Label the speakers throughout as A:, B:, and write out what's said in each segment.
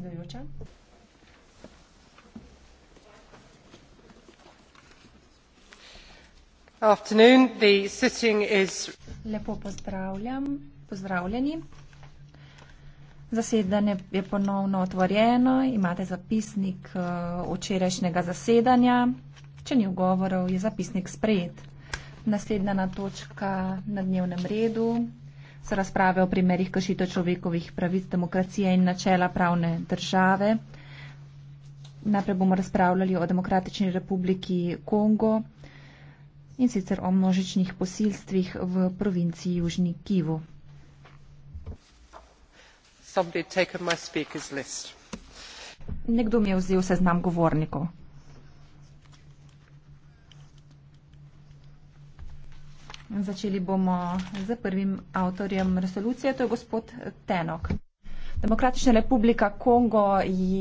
A: predsedujoča.
B: Lepo pozdravljam, pozdravljeni. Zasedanje je ponovno otvorjeno, imate zapisnik eh, včerajšnjega zasedanja. Če ni ugovorov, je zapisnik sprejet. Naslednja točka na dnevnem redu so razprave o primerih kršitev človekovih pravic, demokracije in načela pravne države. Najprej bomo razpravljali o Demokratični republiki Kongo in sicer o množičnih posilstvih v provinciji Južni Kivu. Nekdo mi je vzel seznam govornikov. Začeli bomo z prvim avtorjem resolucije, to je gospod Tenok. Demokratična republika Kongo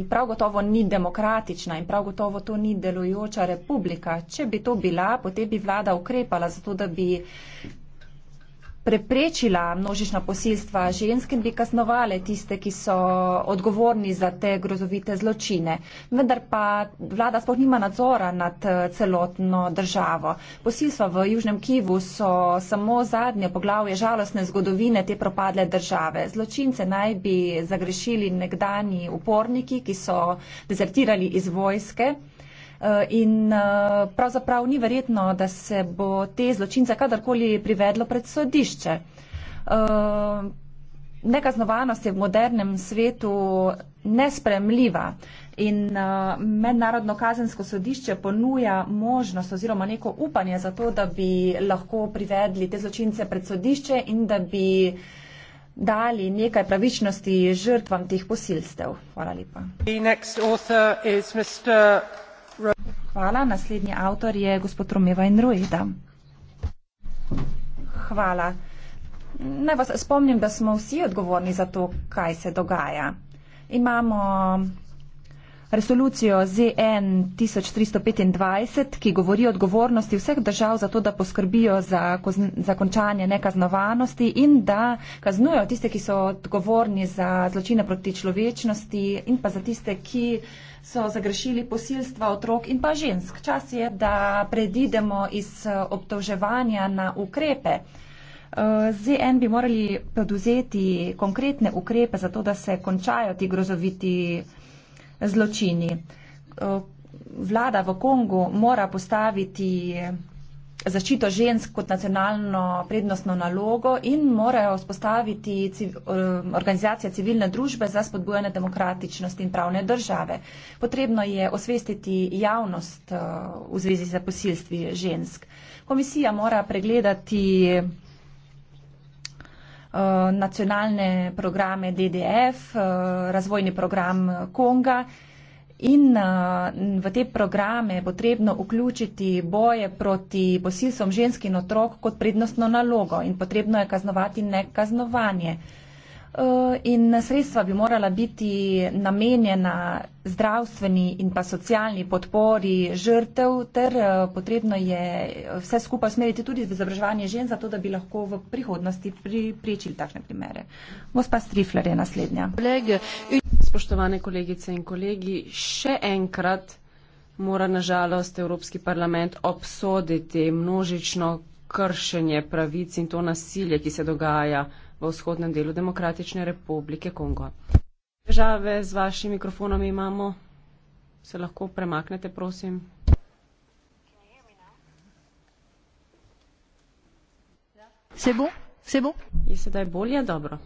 B: prav gotovo ni demokratična in prav gotovo to ni delujoča republika. Če bi to bila, potem bi vlada ukrepala za to, da bi preprečila množična posilstva žensk in bi kasnovale tiste, ki so odgovorni za te grozovite zločine. Vendar pa vlada sploh nima nadzora nad eh, celotno državo. Posilstva v Južnem Kivu so samo zadnje poglavje žalostne zgodovine te propadle države. Zločince naj bi zagrešili nekdani uporniki, ki so dezertirali iz vojske. Eh, in eh, pravzaprav ni verjetno, da se bo te zločince kadarkoli privedlo pred sodišče. Eh, nekaznovanost je v modernem svetu nespremljiva in mednarodno kazensko sodišče ponuja možnost oziroma neko upanje za to, da bi lahko privedli te zločince pred sodišče in da bi dali nekaj pravičnosti žrtvam teh posilstev. Hvala lepa. Hvala. Naslednji avtor je gospod Romeva in Rojeda. Hvala. Naj vas spomnim, da smo vsi odgovorni za to, kaj se dogaja. Imamo resolucijo ZN 1325, ki govori o odgovornosti vseh držav za to, da poskrbijo za, za končanje nekaznovanosti in da kaznujo tiste, ki so odgovorni za zločine proti človečnosti in pa za tiste, ki so zagrešili posilstva otrok in pa žensk. Čas je, da predidemo iz obtoževanja na ukrepe. ZN bi morali poduzeti konkretne ukrepe za to, da se končajo ti grozoviti zločini. Vlada v Kongu mora postaviti zaščito žensk kot nacionalno prednostno nalogo in morajo vzpostaviti organizacija civilne družbe za spodbujanje demokratičnosti in pravne države. Potrebno je osvestiti javnost v zvezi z posilstvi žensk. Komisija mora pregledati Eh, nacionalne programe DDF, eh, razvojni program Konga. In eh, v te programe je potrebno vključiti boje proti posilstvom ženskih otrok kot prednostno nalogo in potrebno je kaznovati nekaznovanje. Eh, in sredstva bi morala biti namenjena zdravstveni in pa socialni podpori žrtev, ter eh, potrebno je eh, vse skupaj usmeriti tudi v izobraževanje žen, zato da bi lahko v prihodnosti pripričili takšne primere. Gospa Strifler je naslednja.
A: Spoštovane kolegice in kolegi, še enkrat mora nažalost Evropski parlament obsoditi množično kršenje pravic in to nasilje, ki se dogaja v vzhodnem delu Demokratične republike Kongo. Težave z vašim mikrofonom imamo. Se lahko premaknete, prosim. Se bo? Se bo? Je sedaj bolje? Dobro.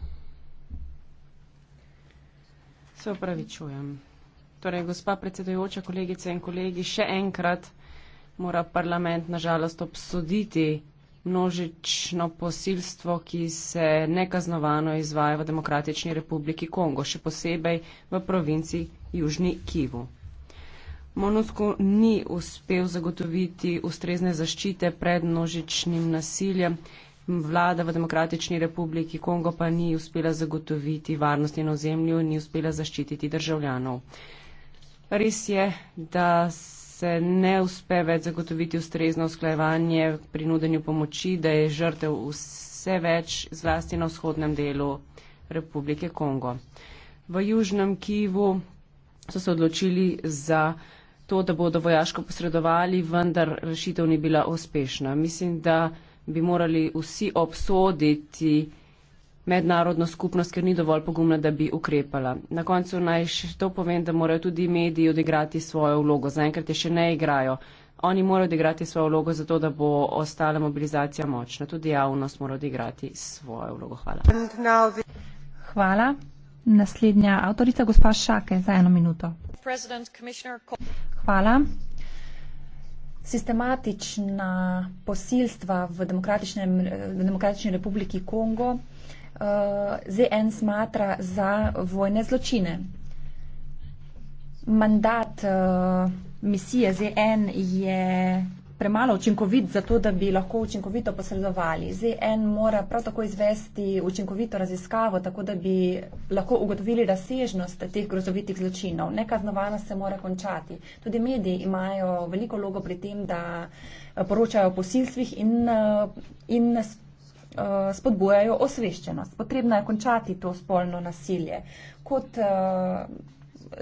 A: Se opravičujem. Torej, gospa predsedujoča, kolegice in kolegi, še enkrat mora parlament nažalost obsoditi množično posilstvo, ki se nekaznovano izvaja v Demokratični republiki Kongo, še posebej v provinci Južni Kivu. Monusko ni uspel zagotoviti ustrezne zaščite pred množičnim nasiljem, vlada v Demokratični republiki Kongo pa ni uspela zagotoviti varnosti na ozemlju in ni uspela zaščititi državljanov. Res je, da se se ne uspe več zagotoviti ustrezno usklajevanje pri nudenju pomoči, da je žrtev vse več, zlasti na vzhodnem delu Republike Kongo. V Južnem Kivu so se odločili za to, da bodo vojaško posredovali, vendar rešitev ni bila uspešna. Mislim, da bi morali vsi obsoditi mednarodno skupnost, ker ni dovolj pogumna, da bi ukrepala. Na koncu naj še to povem, da morajo tudi mediji odigrati svojo vlogo. Zaenkrat je še ne igrajo. Oni morajo odigrati svojo vlogo zato, da bo ostala mobilizacija močna. Tudi javnost mora odigrati svojo vlogo.
B: Hvala. Hvala. Naslednja avtorica, gospa Šake, za eno minuto. Hvala. Sistematična posilstva v Demokratični republiki Kongo Eh, ZN smatra za vojne zločine. Mandat eh, misije ZN je premalo učinkovit za to, da bi lahko učinkovito posredovali. ZN mora prav tako izvesti učinkovito raziskavo, tako da bi lahko ugotovili razsežnost teh grozovitih zločinov. Nekaznovana se mora končati. Tudi mediji imajo veliko logo pri tem, da eh, poročajo o posilstvih in, in Eh, spodbujajo osveščenost. Potrebno je končati to spolno nasilje. Kot eh,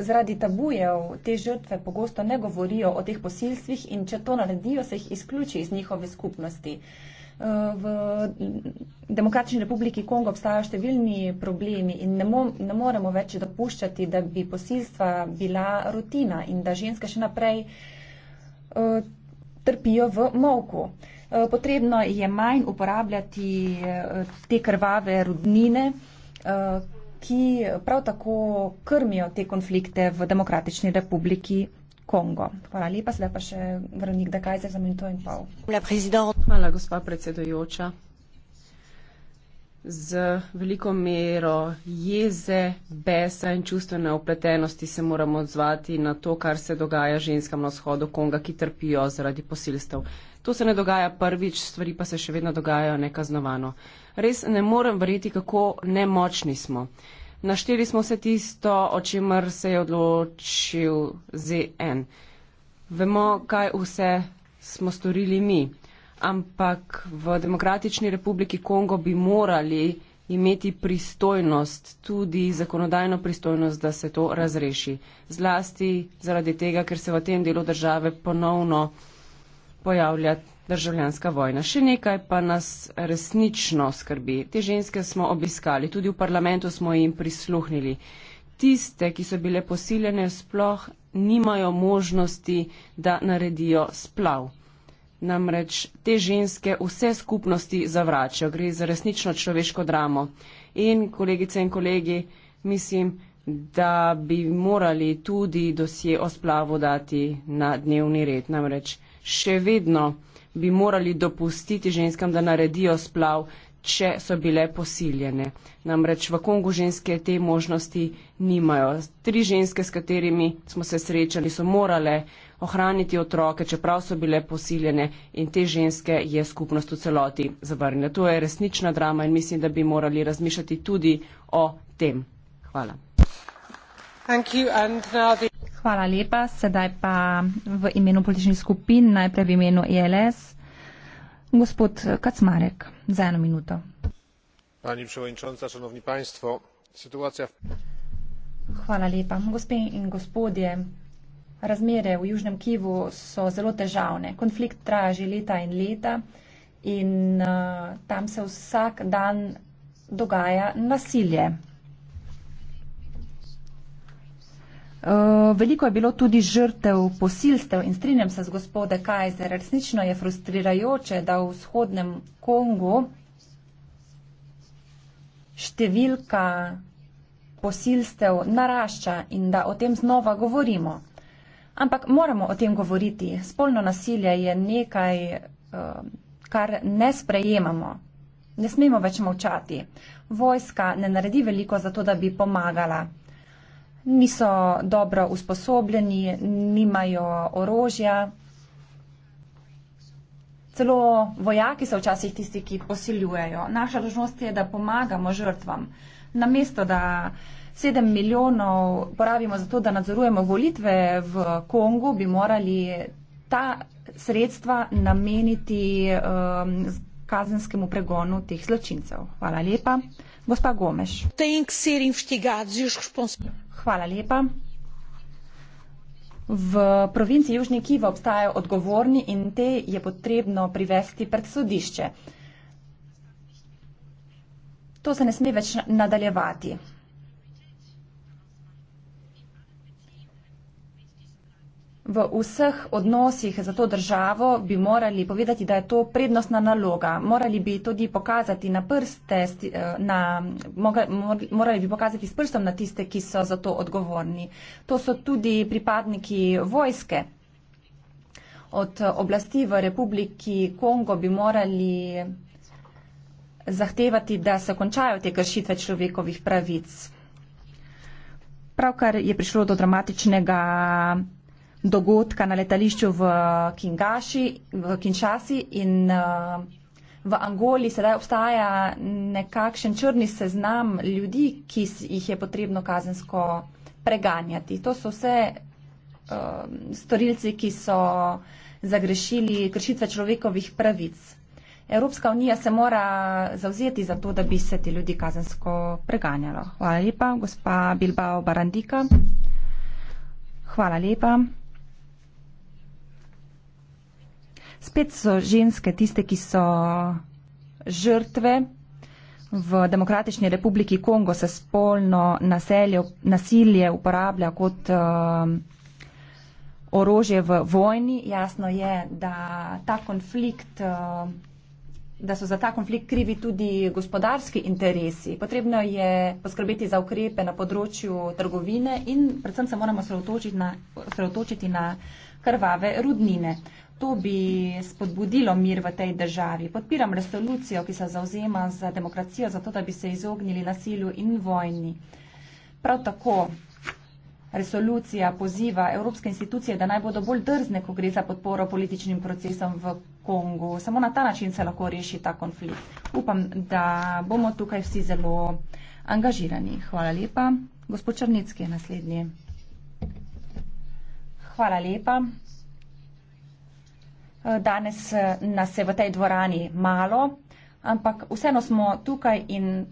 B: zaradi tabujev te žrtve pogosto ne govorijo o teh posilstvih in če to naredijo, se jih izključi iz njihove skupnosti. Eh, v Demokratični republiki Kongo obstajajo številni problemi in ne, mo ne moremo več dopuščati, da bi posilstva bila rutina in da ženske še naprej uh, trpijo v molku. Uh, Eh, potrebno je manj uporabljati eh, te krvave rudnine, eh, ki prav tako krmijo te konflikte v Demokratični republiki. Kongo. Hvala lepa, sedaj pa še vrnik Dekajzer za minuto in pol.
A: Hvala, gospa predsedujoča z veliko mero jeze, besa in čustvene opletenosti se moramo odzvati na to, kar se dogaja ženskam na vzhodu Konga, ki trpijo zaradi posilstev. To se ne dogaja prvič, stvari pa se še vedno dogajajo nekaznovano. Res ne morem verjeti, kako nemočni smo. Našteli smo vse tisto, o čemer se je odločil ZN. Vemo, kaj vse smo storili mi ampak v Demokratični republiki Kongo bi morali imeti pristojnost, tudi zakonodajno pristojnost, da se to razreši. Zlasti zaradi tega, ker se v tem delu države ponovno pojavlja državljanska vojna. Še nekaj pa nas resnično skrbi. Te ženske smo obiskali, tudi v parlamentu smo jim prisluhnili. Tiste, ki so bile posiljene, sploh nimajo možnosti, da naredijo splav namreč te ženske vse skupnosti zavračajo, gre za resnično človeško dramo. In kolegice in kolegi, mislim, da bi morali tudi dosje o splavu dati na dnevni red. Namreč še vedno bi morali dopustiti ženskam, da naredijo splav, če so bile posiljene. Namreč v Kongu ženske te možnosti nimajo. Tri ženske, s katerimi smo se srečali, so morale ohraniti otroke, čeprav so bile posiljene in te ženske je skupnost v celoti zavrnila. To je resnična drama in mislim, da bi morali razmišljati tudi o tem. Hvala.
B: Hvala lepa. Sedaj pa v imenu političnih skupin, najprej v imenu ELS. Gospod Kacmarek, za eno minuto.
C: Pani predsednica, šanovni państvo, situacija.
B: Hvala lepa. Gospe in gospodje, Razmere v Južnem Kivu so zelo težavne. Konflikt traja že leta in leta in uh, tam se vsak dan dogaja nasilje. Uh, veliko je bilo tudi žrtev posilstev in strinjam se z gospode Kajzer. Resnično je frustrirajoče, da v vzhodnem Kongu številka posilstev narašča in da o tem znova govorimo. Ampak moramo o tem govoriti. Spolno nasilje je nekaj, eh, kar ne sprejemamo. Ne smemo več molčati. Vojska ne naredi veliko za to, da bi pomagala. Niso dobro usposobljeni, nimajo orožja. Celo vojaki so včasih tisti, ki posiljujejo. Naša dožnost je, da pomagamo žrtvam. Namesto, da uh, 7 milijonov porabimo za to, da nadzorujemo volitve v Kongu, bi morali ta sredstva nameniti um, kazenskemu pregonu teh zločincev. Hvala lepa. Gospa Gomeš. E Hvala lepa. V provinci Južni Kiva obstajajo odgovorni in te je potrebno privesti pred sodišče. To se ne sme več nadaljevati. v vseh odnosih za to državo bi morali povedati, da je to prednostna naloga. Morali bi tudi pokazati na prste, eh, na, morali bi pokazati s prstom na tiste, ki so za to odgovorni. To so tudi pripadniki vojske. Od eh, oblasti v Republiki Kongo bi morali zahtevati, da se končajo te kršitve človekovih pravic. Pravkar je prišlo do dramatičnega dogodka na letališču v Kingaši, v Kinšasi in eh, v Angoli sedaj obstaja nekakšen črni seznam ljudi, ki jih je potrebno kazensko preganjati. To so vse eh, storilci, ki so zagrešili kršitve človekovih pravic. Evropska unija se mora zauzeti za to, da bi se ti ljudi kazensko preganjalo. Hvala lepa, gospa Bilbao Barandika. Hvala lepa. spet so ženske tiste, ki so žrtve. V Demokratični republiki Kongo se spolno naselje, nasilje uporablja kot uh, orožje v vojni. Jasno je, da, konflikt, uh, da so za ta konflikt krivi tudi gospodarski interesi. Potrebno je poskrbeti za ukrepe na področju trgovine in predvsem se moramo sredotočiti na, na krvave rudnine to bi spodbudilo mir v tej državi. Podpiram resolucijo, ki se zauzema za demokracijo, zato da bi se izognili nasilju in vojni. Prav tako resolucija poziva evropske institucije, da naj bodo bolj drzne, ko gre za podporo političnim procesom v Kongu. Samo na ta način se lahko reši ta konflikt. Upam, da bomo tukaj vsi zelo angažirani. Hvala lepa. Gospod Črnitski je naslednji. Hvala lepa. Danes eh, nas je v tej dvorani malo, ampak vseeno smo tukaj in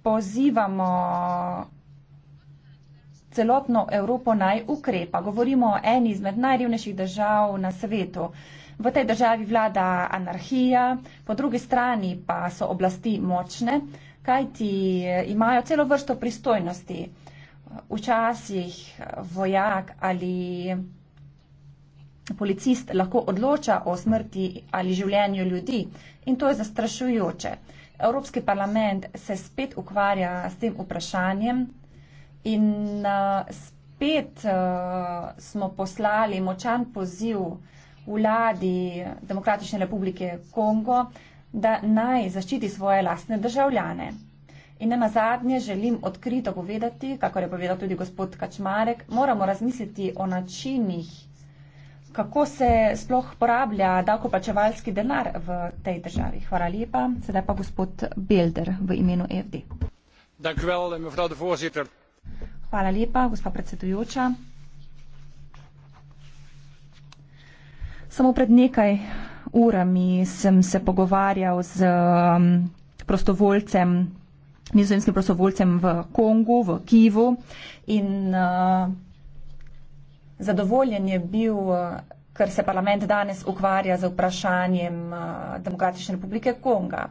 B: pozivamo celotno Evropo naj ukrepa. Govorimo o eni izmed najrevnejših držav na svetu. V tej državi vlada anarhija, po drugi strani pa so oblasti močne, kajti eh, imajo celo vrsto pristojnosti. Včasih eh, vojak ali policist lahko odloča o smrti ali življenju ljudi in to je zastrašujoče. Evropski parlament se spet ukvarja s tem vprašanjem in uh, spet uh, smo poslali močan poziv vladi Demokratične republike Kongo, da naj zaščiti svoje lastne državljane. In na zadnje želim odkrito povedati, kako je povedal tudi gospod Kačmarek, moramo razmisliti o načinih, kako se sploh porablja davkoplačevalski denar v tej državi. Hvala lepa. Sedaj pa gospod Belder v imenu EFD. Hvala lepa, gospa predsedujoča. Samo pred nekaj urami sem se pogovarjal z um, prostovoljcem, nizozemskim prostovoljcem v Kongu, v Kivu in uh, zadovoljen je bil, eh, ker se parlament danes ukvarja z vprašanjem eh, Demokratične republike Konga.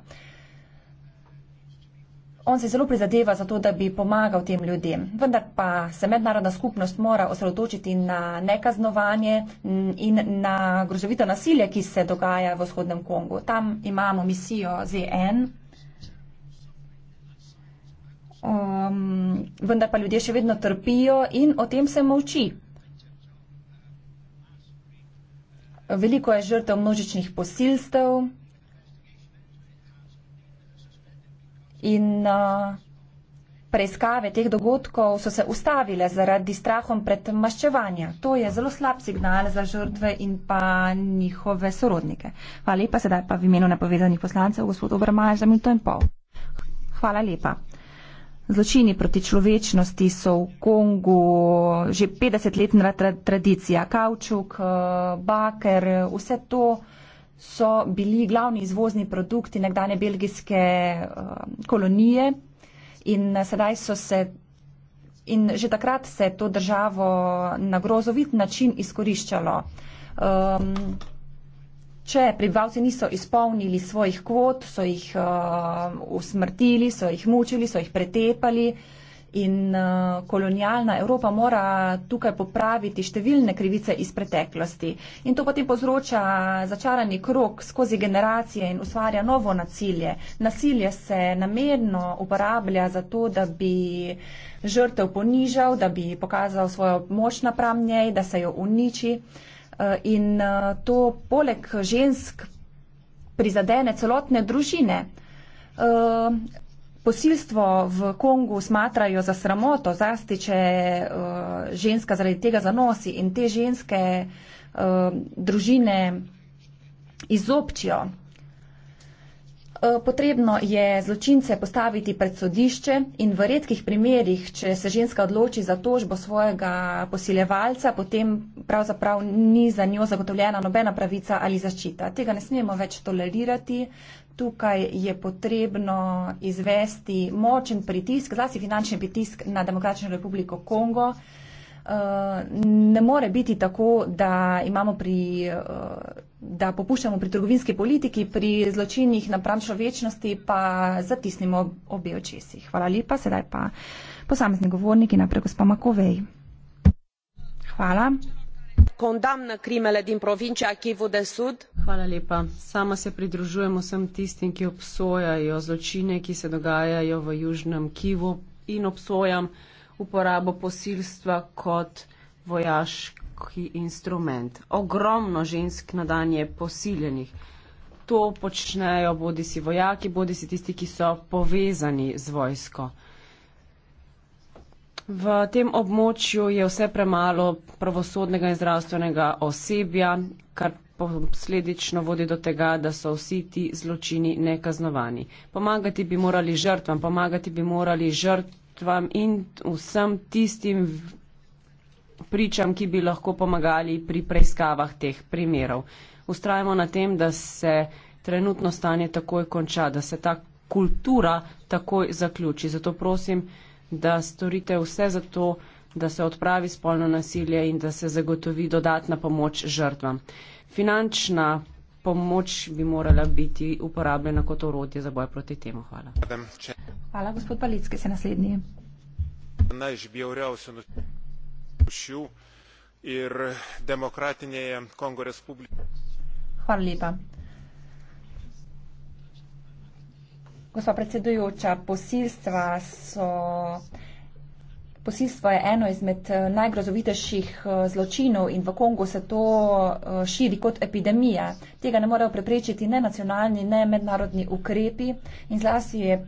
B: On se zelo prizadeva za to, da bi pomagal tem ljudem. Vendar pa se mednarodna skupnost mora osredotočiti na nekaznovanje in na grozovito nasilje, ki se dogaja v vzhodnem Kongu. Tam imamo misijo ZN. Um, vendar pa ljudje še vedno trpijo in o tem se molči. Veliko je žrtev množičnih posilstev in preiskave teh dogodkov so se ustavile zaradi strahom pred maščevanja. To je zelo slab signal za žrtve in pa njihove sorodnike. Hvala lepa, sedaj pa v imenu napovedanih poslancev, gospod Obramaj, za minuto in pol. Hvala lepa. Zločini proti človečnosti so v Kongu že 50 let na tra tradicija. Kaučuk, eh, baker, vse to so bili glavni izvozni produkti nekdane belgijske eh, kolonije in eh, sedaj so se. In že takrat se je to državo na grozovit način izkoriščalo. Um, če prebivalci niso izpolnili svojih kvot, so jih uh, usmrtili, so jih mučili, so jih pretepali. In uh, kolonialna Evropa mora tukaj popraviti številne krivice iz preteklosti. In to potem povzroča začarani krok skozi generacije in ustvarja novo nasilje. Nasilje se namerno uporablja za to, da bi žrtev ponižal, da bi pokazal svojo moč napram njej, da se jo uniči. Uh, Eh, in eh, to poleg žensk prizadene celotne družine. Eh, posilstvo v Kongu smatrajo za sramoto, zlasti če ženska zaradi tega zanosi in te ženske družine izobčijo. Eh, potrebno je zločince postaviti pred sodišče in v redkih primerjih, če se ženska odloči za tožbo svojega posiljevalca, potem pravzaprav ni za njo zagotovljena nobena pravica ali zaščita. Tega ne smemo več tolerirati. Tukaj je potrebno izvesti močen pritisk, zlasti finančni pritisk na Demokratično republiko Kongo ne more biti tako, da imamo pri. Uh, da popuščamo pri trgovinski politiki, pri zločinih napram človečnosti pa zatisnimo obe očesi. Hvala lepa, sedaj pa posamezni govorniki, naprej gospa Makovej.
A: Hvala. Kondamna krimele din provincia Kivu de Sud. Hvala lepa. Sama se pridružujemo vsem tistim, ki obsojajo zločine, ki se dogajajo v južnem Kivu in obsojam uporabo posilstva kot vojaški instrument. Ogromno žensk na dan je posiljenih. To počnejo bodi si vojaki, bodi si tisti, ki so povezani z vojsko. V tem območju je vse premalo pravosodnega in zdravstvenega osebja, kar posledično vodi do tega, da so vsi ti zločini nekaznovani. Pomagati bi morali žrtvam, pomagati bi morali žrtvam žrtvam in vsem tistim pričam, ki bi lahko pomagali pri preiskavah teh primerov. Ustrajamo na tem, da se trenutno stanje takoj konča, da se ta kultura takoj zaključi. Zato prosim, da storite vse za to, da se odpravi spolno nasilje in da se zagotovi dodatna pomoč žrtvam. Finančna pomoč bi morala biti uporabljena kot orodje za boj proti temu. Hvala. Hvala, gospod Palicki, se naslednji. Naš bjauriausi nušių ir demokratinėje Kongo Respublikoje.
B: Hvala lepa. Gospod predsedujoča, posilstva so. Posilstvo je eno izmed eh, najgrozovitejših eh, zločinov in v Kongu se to eh, širi kot epidemija. Tega ne morejo preprečiti ne nacionalni, ne mednarodni ukrepi in zlasti je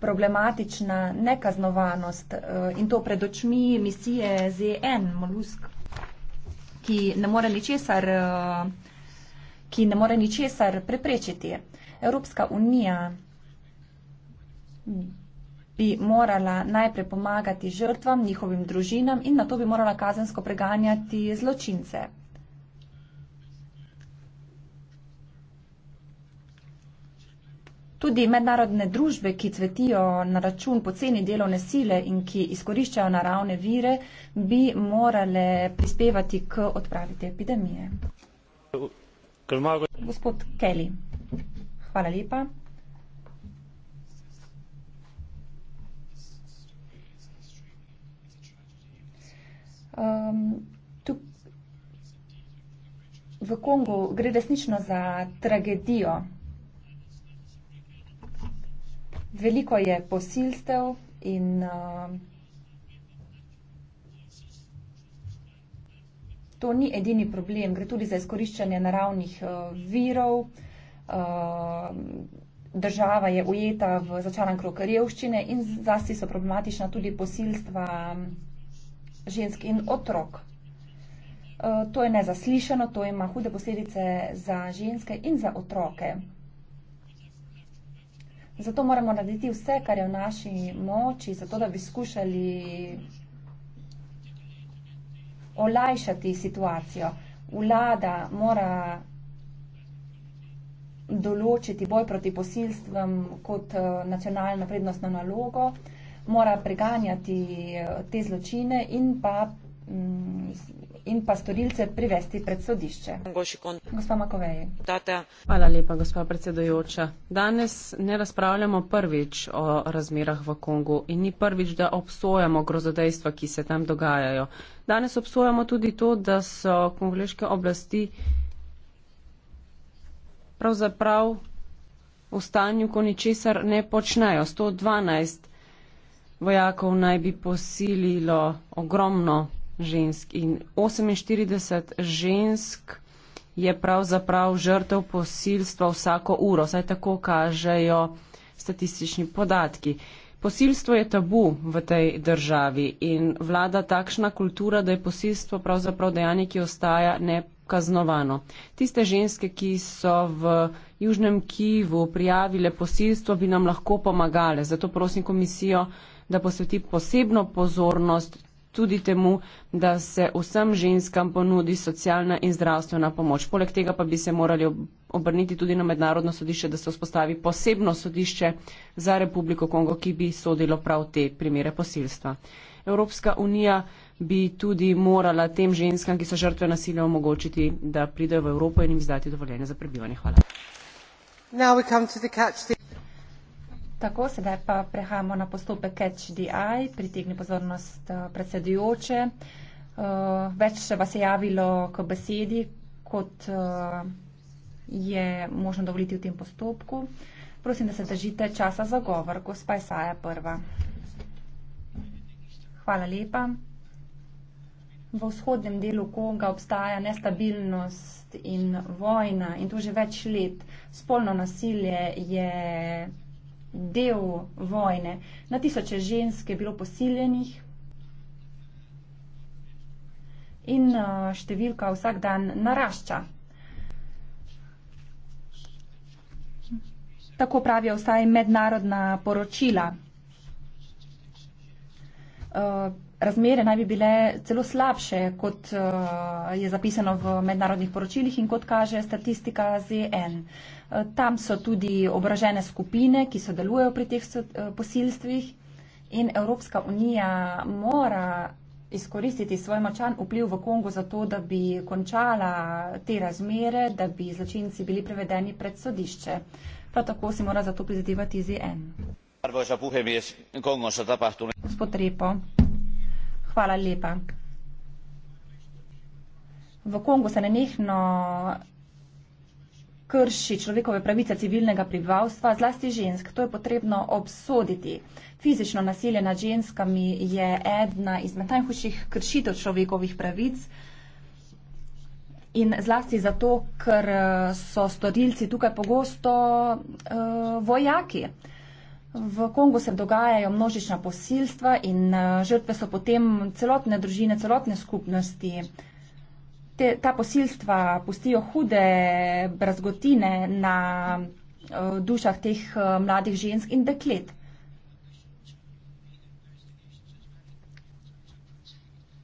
B: problematična nekaznovanost in to pred očmi misije ZN Molusk, ki ne more ničesar, ki ne more ničesar preprečiti. Evropska unija bi morala najprej pomagati žrtvam, njihovim družinam in na to bi morala kazensko preganjati zločince. Tudi mednarodne družbe, ki cvetijo na račun poceni delovne sile in ki izkoriščajo naravne vire, bi morale prispevati k odpraviti epidemije. Gospod Kelly, hvala lepa. Um, tuk, v Kongu gre resnično za tragedijo. Veliko je posilstev in uh, to ni edini problem. Gre tudi za izkoriščanje naravnih uh, virov. Uh, država je ujeta v začaran krok revščine in zasti so problematična tudi posilstva. Um, žensk in otrok. E, to je nezaslišano, to ima hude posledice za ženske in za otroke. Zato moramo narediti vse, kar je v naši moči, zato da bi skušali olajšati situacijo. Vlada mora določiti boj proti posilstvom kot e, nacionalno prednostno nalogo mora preganjati eh, te zločine in pa, mm, in pa storilce privesti pred sodišče. Gospa Makovej.
A: Hvala lepa, gospa predsedojoča. Danes ne razpravljamo prvič o razmerah v Kongu in ni prvič, da obsojamo grozodejstva, ki se tam dogajajo. Danes obsojamo tudi to, da so kongleške oblasti pravzaprav v stanju, ko ničesar ne počnejo. 112 vojakov naj bi posililo ogromno žensk in 48 žensk je pravzaprav žrtev posilstva vsako uro, saj tako kažejo statistični podatki. Posilstvo je tabu v tej državi in vlada takšna kultura, da je posilstvo pravzaprav dejanje, ki ostaja ne kaznovano. Tiste ženske, ki so v Južnem Kivu prijavile posilstvo, bi nam lahko pomagale. Zato prosim komisijo, da posveti posebno pozornost tudi temu, da se vsem ženskam ponudi socialna in zdravstvena pomoč. Poleg tega pa bi se morali obrniti tudi na mednarodno sodišče, da se vzpostavi posebno sodišče za Republiko Kongo, ki bi sodilo prav te primere posilstva. Evropska unija bi tudi morala tem ženskam, ki so žrtve nasilja, omogočiti, da pridejo v Evropo in jim izdati dovoljenje za prebivanje. Hvala.
B: Tako, sedaj pa prehajamo na postopek Catch the Eye, pritegni pozornost eh, predsedujoče. Uh, več se vas je javilo k besedi, kot uh, je možno dovoliti v tem postopku. Prosim, da se držite časa za govor. Gospa Isaja prva. Hvala lepa. V vzhodnem delu Konga obstaja nestabilnost in vojna in to že več let. Spolno nasilje je del vojne. Na tisoče žensk je bilo posiljenih in uh, številka vsak dan narašča. Tako pravijo vsaj mednarodna poročila. Eh, razmere naj bi bile celo slabše, kot eh, je zapisano v mednarodnih poročilih in kot kaže statistika ZN. Eh, tam so tudi obražene skupine, ki sodelujejo pri teh posilstvih in Evropska unija mora izkoristiti svoj močan vpliv v Kongu za to, da bi končala te razmere, da bi zločinci bili prevedeni pred sodišče. Prav tako si mora za to prizadevati ZN
C: arvoisa puhemies kongossa tapahtuneet gospod
B: Ripo. Hvala lepa. V Kongu se nenehno krši človekove pravice civilnega prebivalstva, zlasti žensk. To je potrebno obsoditi. Fizično nasilje nad ženskami je ena izmed najhujših kršitev človekovih pravic in zlasti zato, ker eh, so storilci tukaj pogosto uh, vojaki. Uh, V Kongu se dogajajo množična posilstva in eh, žrtve so potem celotne družine, celotne skupnosti. Te, ta posilstva pustijo hude brazgotine na eh, dušah teh eh, mladih žensk in deklet.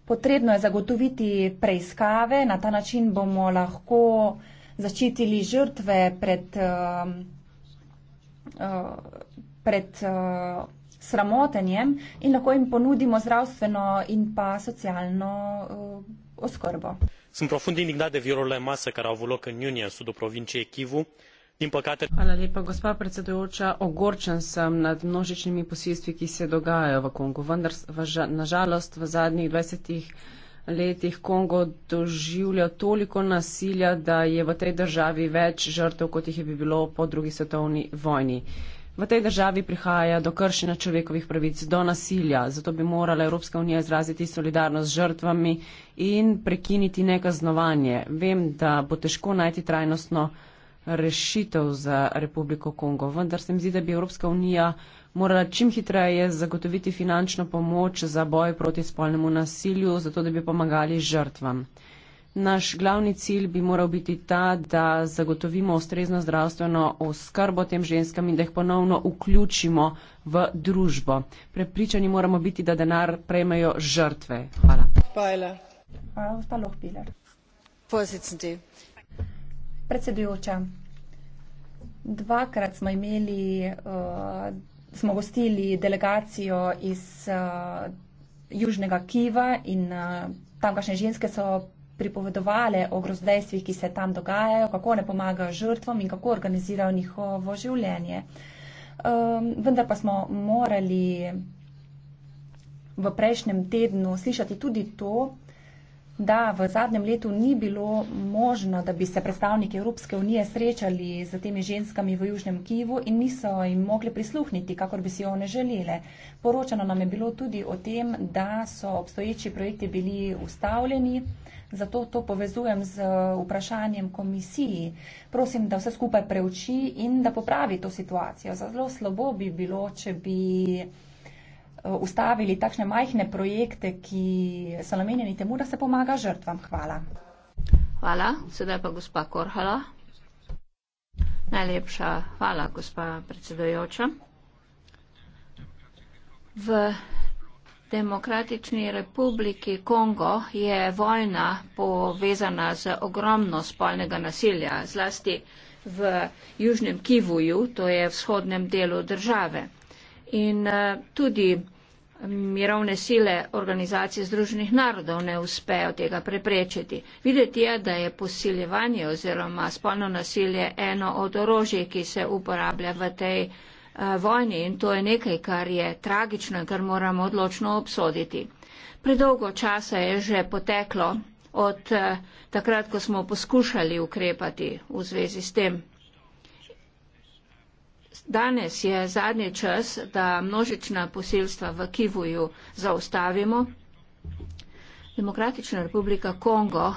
B: Potrebno je zagotoviti preiskave, na ta način bomo lahko zaščitili žrtve pred uh, uh, pred uh, sramotenjem in lahko jim ponudimo zdravstveno in pa socialno uh, oskrbo.
A: Sem profundi indignat de virulele mase, kar au loc în iunie în sudul provinciei Kivu. Din păcate... Hvala lepa, gospa predsedujoča. Ogorčen sem nad množičnimi posilstvi, ki se dogajajo v Kongu. Vendar, na žalost, v zadnjih 20 letih Kongo doživlja toliko nasilja, da je v tej državi več žrtev, kot jih je bilo po drugi svetovni vojni. V tej državi prihaja do kršenja človekovih pravic, do nasilja, zato bi morala Evropska unija izraziti solidarnost z žrtvami in prekiniti nekaznovanje. Vem, da bo težko najti trajnostno rešitev za Republiko Kongo, vendar se mi zdi, da bi Evropska unija morala čim hitreje zagotoviti finančno pomoč za boj proti spolnemu nasilju, zato da bi pomagali žrtvam. Naš glavni cilj bi moral biti ta, da zagotovimo ustrezno zdravstveno oskrbo tem ženskam in da jih ponovno vključimo v družbo. Prepričani moramo biti, da denar prejmejo žrtve.
B: Hvala. Predsedujoča, dvakrat smo imeli, uh, smo gostili delegacijo iz uh, Južnega Kiva in uh, tamkajšnje ženske so pripovedovali o grozdejstvih, ki se tam dogajajo, kako ne pomagajo žrtvam in kako organizirajo njihovo življenje. Um, vendar pa smo morali v prejšnjem tednu slišati tudi to, da v zadnjem letu ni bilo možno, da bi se predstavniki Evropske unije srečali z temi ženskami v Južnem Kivu in niso jim mogli prisluhniti, kakor bi si one želele. Poročano nam je bilo tudi o tem, da so obstoječi projekti bili ustavljeni. Zato to povezujem z eh, vprašanjem komisiji. Prosim, da vse skupaj preuči in da popravi to situacijo. Zelo slabo bi bilo, če bi eh, ustavili takšne majhne projekte, ki so namenjeni temu, da se pomaga žrtvam. Hvala.
C: Hvala. Sedaj pa gospa Korhala. Najlepša hvala, gospa predsedojoča. V Demokratični republiki Kongo je vojna povezana z ogromno spolnega nasilja, zlasti v južnem Kivuju, to je vzhodnem delu države. In eh, tudi mirovne sile organizacije Združenih narodov ne uspejo tega preprečiti. Videti je, da je posiljevanje oziroma spolno nasilje eno od orožij, ki se uporablja v tej Eh, vojni in to je nekaj, kar je tragično in kar moramo odločno obsoditi. Predolgo časa je že poteklo od eh, takrat, ko smo poskušali ukrepati v zvezi s tem. Danes je zadnji čas, da množična posilstva v Kivuju zaustavimo. Demokratična republika Kongo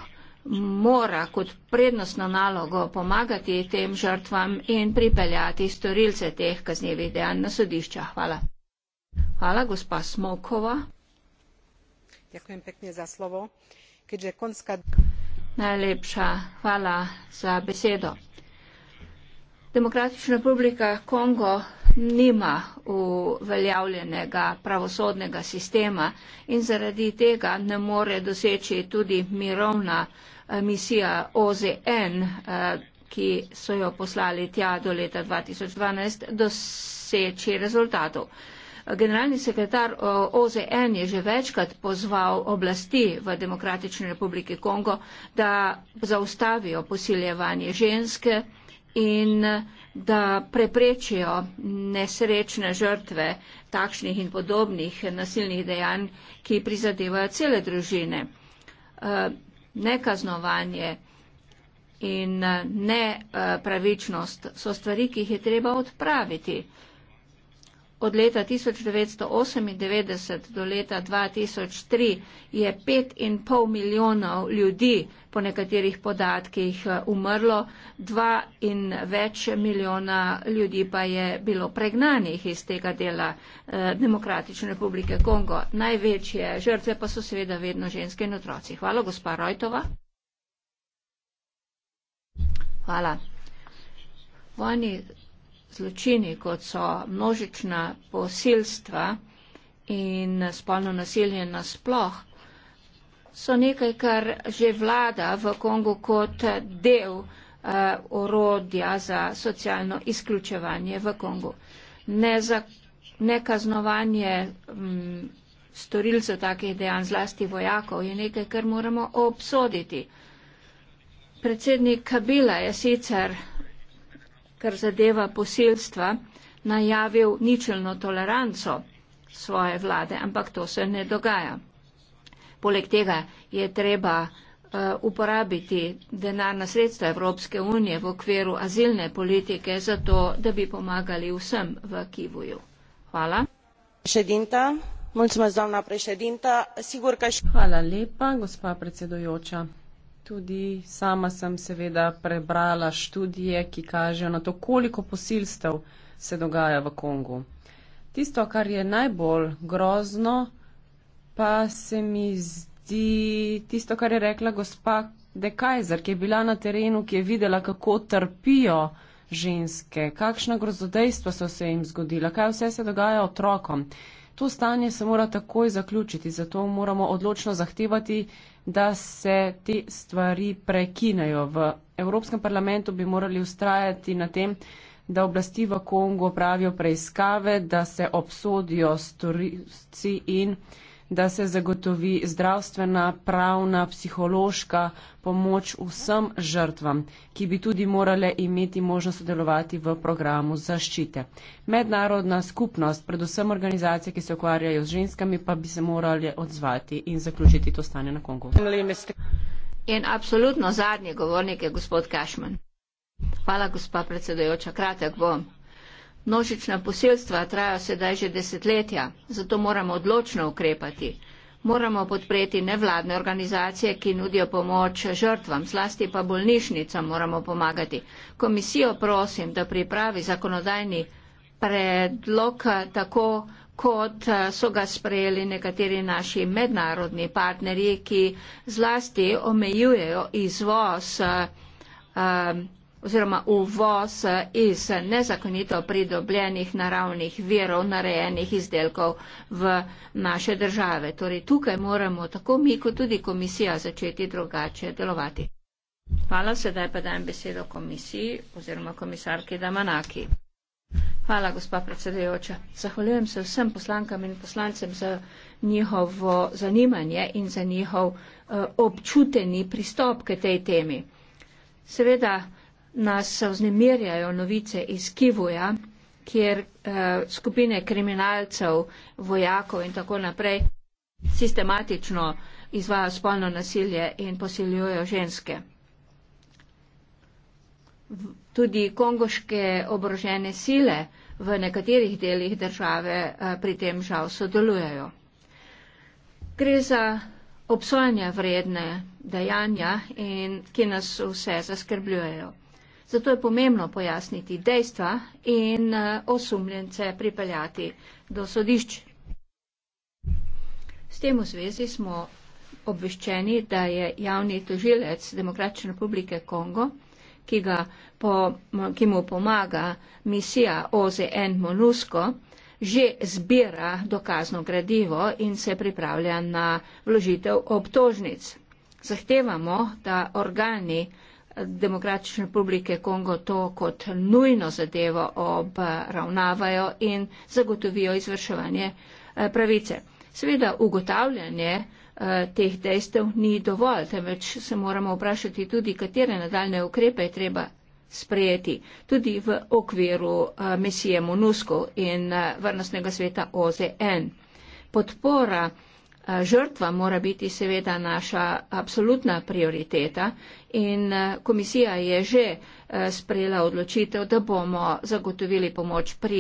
C: mora kot prednostno nalogo pomagati tem žrtvam in pripeljati storilce teh kaznjevih dejanj na sodišča. Hvala. Hvala, gospa Smokova.
A: Zahvaljujem pekne za slovo. Konska...
C: Najlepša hvala za besedo. Demokratična republika Kongo nima uveljavljenega pravosodnega sistema in zaradi tega ne more doseči tudi mirovna Eh, misija OZN, eh, ki so jo poslali tja do leta 2012, doseči rezultatov. Generalni sekretar eh, OZN je že večkrat pozval oblasti v Demokratični republiki Kongo, da zaustavijo posiljevanje ženske in da preprečijo nesrečne žrtve takšnih in podobnih nasilnih dejanj, ki prizadevajo cele družine ne kaznovanje in eh, ne pravičnost so stvari, ki jih je treba odpraviti od leta 1998 do leta 2003 je pet in pol milijonov ljudi po nekaterih podatkih eh, umrlo, dva in več milijona ljudi pa je bilo pregnanih iz tega dela eh, Demokratične republike Kongo. Največje žrtve pa so seveda vedno ženske in otroci. Hvala, gospa Rojtova. Hvala. Vani, zločini, kot so množična posilstva in spolno nasilje nasploh, so nekaj, kar že vlada v Kongu kot del uh, orodja za socialno izključevanje v Kongu. Nekaznovanje um, mm, storilcev takih dejanj, zlasti vojakov, je nekaj, kar moramo obsoditi. Predsednik Kabila je sicer kar zadeva posilstva, najavil ničelno toleranco svoje vlade, ampak to se ne dogaja. Poleg tega je treba eh, uporabiti denarna sredstva Evropske unije v okviru azilne politike za to, da bi pomagali vsem v Kivuju. Hvala.
A: Hvala lepa, gospa predsedujoča. Tudi sama sem seveda prebrala študije, ki kažejo na to, koliko posilstev se dogaja v Kongu. Tisto, kar je najbolj grozno, pa se mi zdi tisto, kar je rekla gospa Dekajzer, ki je bila na terenu, ki je videla, kako trpijo ženske, kakšna grozodejstva so se jim zgodila, kaj vse se dogaja otrokom. To stanje se mora takoj zaključiti, zato moramo odločno zahtevati da se te stvari prekinejo. V Evropskem parlamentu bi morali ustrajati na tem, da oblasti v Kongu opravijo preiskave, da se obsodijo storilci in uh, da se zagotovi zdravstvena, pravna, psihološka pomoč vsem žrtvam, ki bi tudi morale imeti možnost sodelovati v programu zaščite. Mednarodna skupnost, predvsem organizacije, ki se ukvarjajo z ženskami, pa bi se morali odzvati in zaključiti to stanje na Kongu. In absolutno
C: zadnji govornik je gospod Kašman. Hvala, gospa predsedojoča. Kratek bom. Množična posilstva trajajo sedaj že desetletja, zato moramo odločno ukrepati. Moramo podpreti nevladne organizacije, ki nudijo pomoč žrtvam, zlasti pa bolnišnicam moramo pomagati. Komisijo prosim, da pripravi zakonodajni predlog tako, kot eh, so ga sprejeli nekateri naši mednarodni partnerji, ki zlasti omejujejo izvoz. Um, oziroma uvoz eh, iz nezakonito pridobljenih naravnih verov narejenih izdelkov v naše države. Torej tukaj moramo tako mi kot tudi komisija začeti drugače delovati. Hvala, sedaj pa dajem besedo komisiji oziroma komisarki Damanaki. Hvala, gospa predsedujoča. Zahvaljujem se vsem poslankam in poslancem za njihovo zanimanje in za njihov uh, občuteni pristop k tej temi. Seveda, nas vznemirjajo novice iz Kivuja, kjer eh, skupine kriminalcev, vojakov in tako naprej sistematično izvajo spolno nasilje in posiljujo ženske. Tudi kongoške obrožene sile v nekaterih delih države eh, pri tem žal sodelujejo. Gre za obsojanja vredne dejanja, in, ki nas vse zaskrbljujejo. Zato je pomembno pojasniti dejstva in eh, osumljence pripeljati do sodišč. S tem v zvezi smo obveščeni, da je javni tožilec Demokratične republike Kongo, ki, po, ki mu pomaga misija OZN Monusko, že zbira dokazno gradivo in se pripravlja na vložitev obtožnic. Zahtevamo, da organi Demokratične republike Kongo to kot nujno zadevo obravnavajo in zagotovijo izvrševanje eh, pravice. Seveda ugotavljanje eh, teh dejstev ni dovolj, temveč se moramo vprašati tudi, katere nadaljne ukrepe je treba sprejeti tudi v okviru eh, misije MONUSKO in Varnostnega sveta OZN. Podpora Eh, žrtva mora biti seveda naša absolutna prioriteta in eh, komisija je že eh, sprejela odločitev, da bomo zagotovili pomoč pri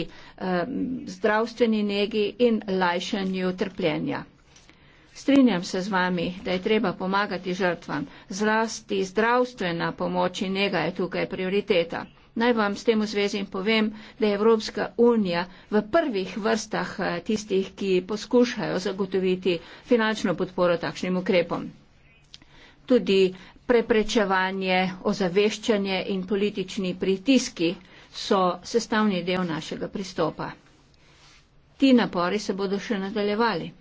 C: zdravstveni negi in lajšanju trpljenja. Strinjam se z vami, da je treba pomagati žrtvam. Zlasti zdravstvena pomoč in njega je tukaj prioriteta. Naj vam s tem v zvezi povem, da je Evropska unija v prvih vrstah eh, tistih, ki poskušajo zagotoviti finančno podporo takšnim ukrepom. Tudi preprečevanje, ozaveščanje in politični pritiski so sestavni del našega pristopa. Ti napori se bodo še nadaljevali.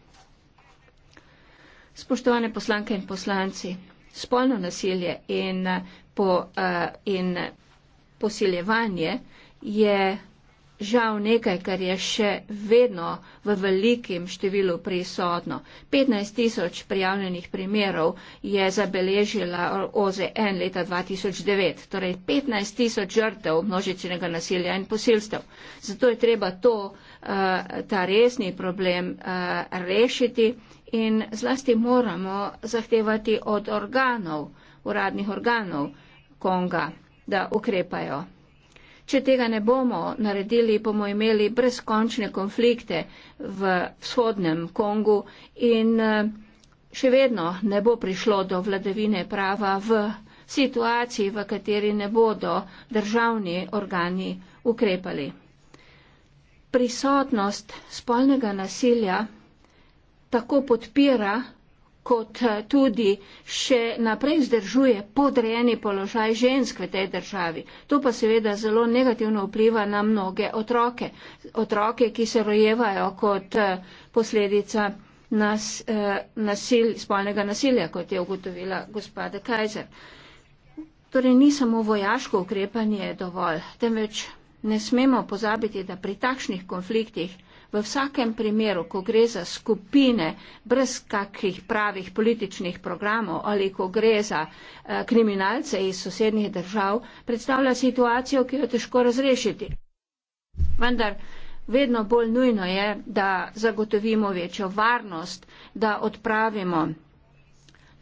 C: Spoštovane poslanke in poslanci, spolno nasilje in, eh, po, uh, in posiljevanje je žal nekaj, kar je še vedno v velikem številu prisotno. 15 tisoč prijavljenih primerov je zabeležila OZN leta 2009, torej 15 tisoč žrtev množičnega nasilja in posilstev. Zato je treba to, eh, ta resni problem eh, rešiti in zlasti moramo zahtevati od organov, uradnih organov Konga da ukrepajo. Če tega ne bomo naredili, bomo imeli brezkončne konflikte v vzhodnem Kongu in eh, še vedno ne bo prišlo do vladavine prava v situaciji, v kateri ne bodo državni organi ukrepali. Prisotnost spolnega nasilja tako podpira kot eh, tudi še naprej zdržuje podrejeni položaj žensk v tej državi. To pa seveda zelo negativno vpliva na mnoge otroke, otroke, ki se rojevajo kot eh, posledica nas, eh, nasil, spolnega nasilja, kot je ugotovila gospoda Kajzer. Torej ni samo vojaško ukrepanje dovolj, temveč ne smemo pozabiti, da pri takšnih konfliktih V vsakem primeru, ko gre za skupine brez kakih pravih političnih programov ali ko gre za eh, kriminalce iz sosednjih držav, predstavlja situacijo, ki jo težko razrešiti. Vendar vedno bolj nujno je, da zagotovimo večjo varnost, da odpravimo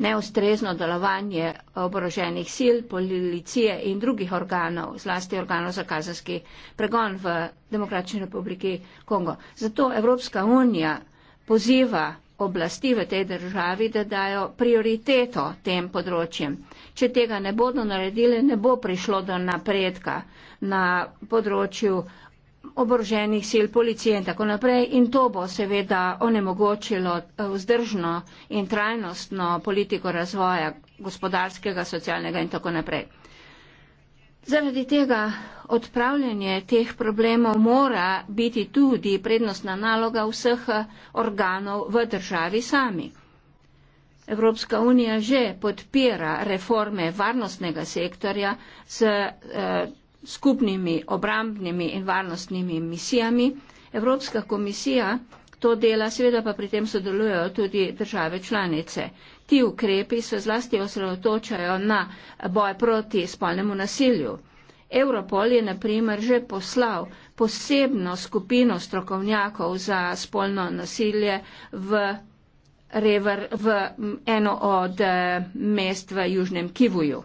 C: neustrezno delovanje oboroženih sil, policije in drugih organov, zlasti organov za kazenski pregon v Demokratični republiki Kongo. Zato Evropska unija poziva oblasti v tej državi, da dajo prioriteto tem področjem. Če tega ne bodo naredili, ne bo prišlo do napredka na področju oboroženih sil policije in tako naprej. In to bo seveda onemogočilo eh, vzdržno in trajnostno politiko razvoja gospodarskega, socialnega in tako naprej. Zaradi tega odpravljanje teh problemov mora biti tudi prednostna naloga vseh organov v državi sami. Evropska unija že podpira reforme varnostnega sektorja z eh, skupnimi obrambnimi in varnostnimi misijami. Evropska komisija to dela, seveda pa pri tem sodelujejo tudi države članice. Ti ukrepi se zlasti osredotočajo na boj proti spolnemu nasilju. Europol je naprimer že poslal posebno skupino strokovnjakov za spolno nasilje v, Rever, v eno od eh, mest v Južnem Kivuju.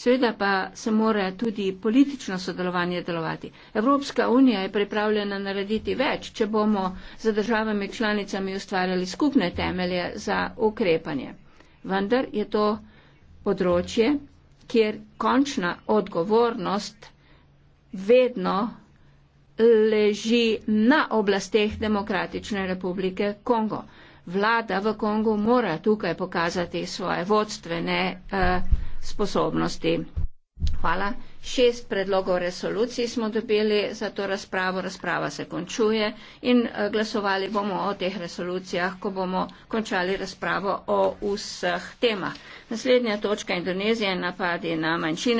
C: Seveda pa se mora tudi politično sodelovanje delovati. Evropska unija je pripravljena narediti več, če bomo z državami članicami ustvarjali skupne temelje za ukrepanje. Vendar je to področje, kjer končna odgovornost vedno leži na oblasteh Demokratične republike Kongo. Vlada v Kongu mora tukaj pokazati svoje vodstvene. Uh, sposobnosti. Hvala. Šest predlogov resolucij smo dobili za to razpravo. Razprava se končuje in eh, glasovali bomo o teh resolucijah, ko bomo končali razpravo o vseh temah. Naslednja točka Indonezije je napadi na manjšine.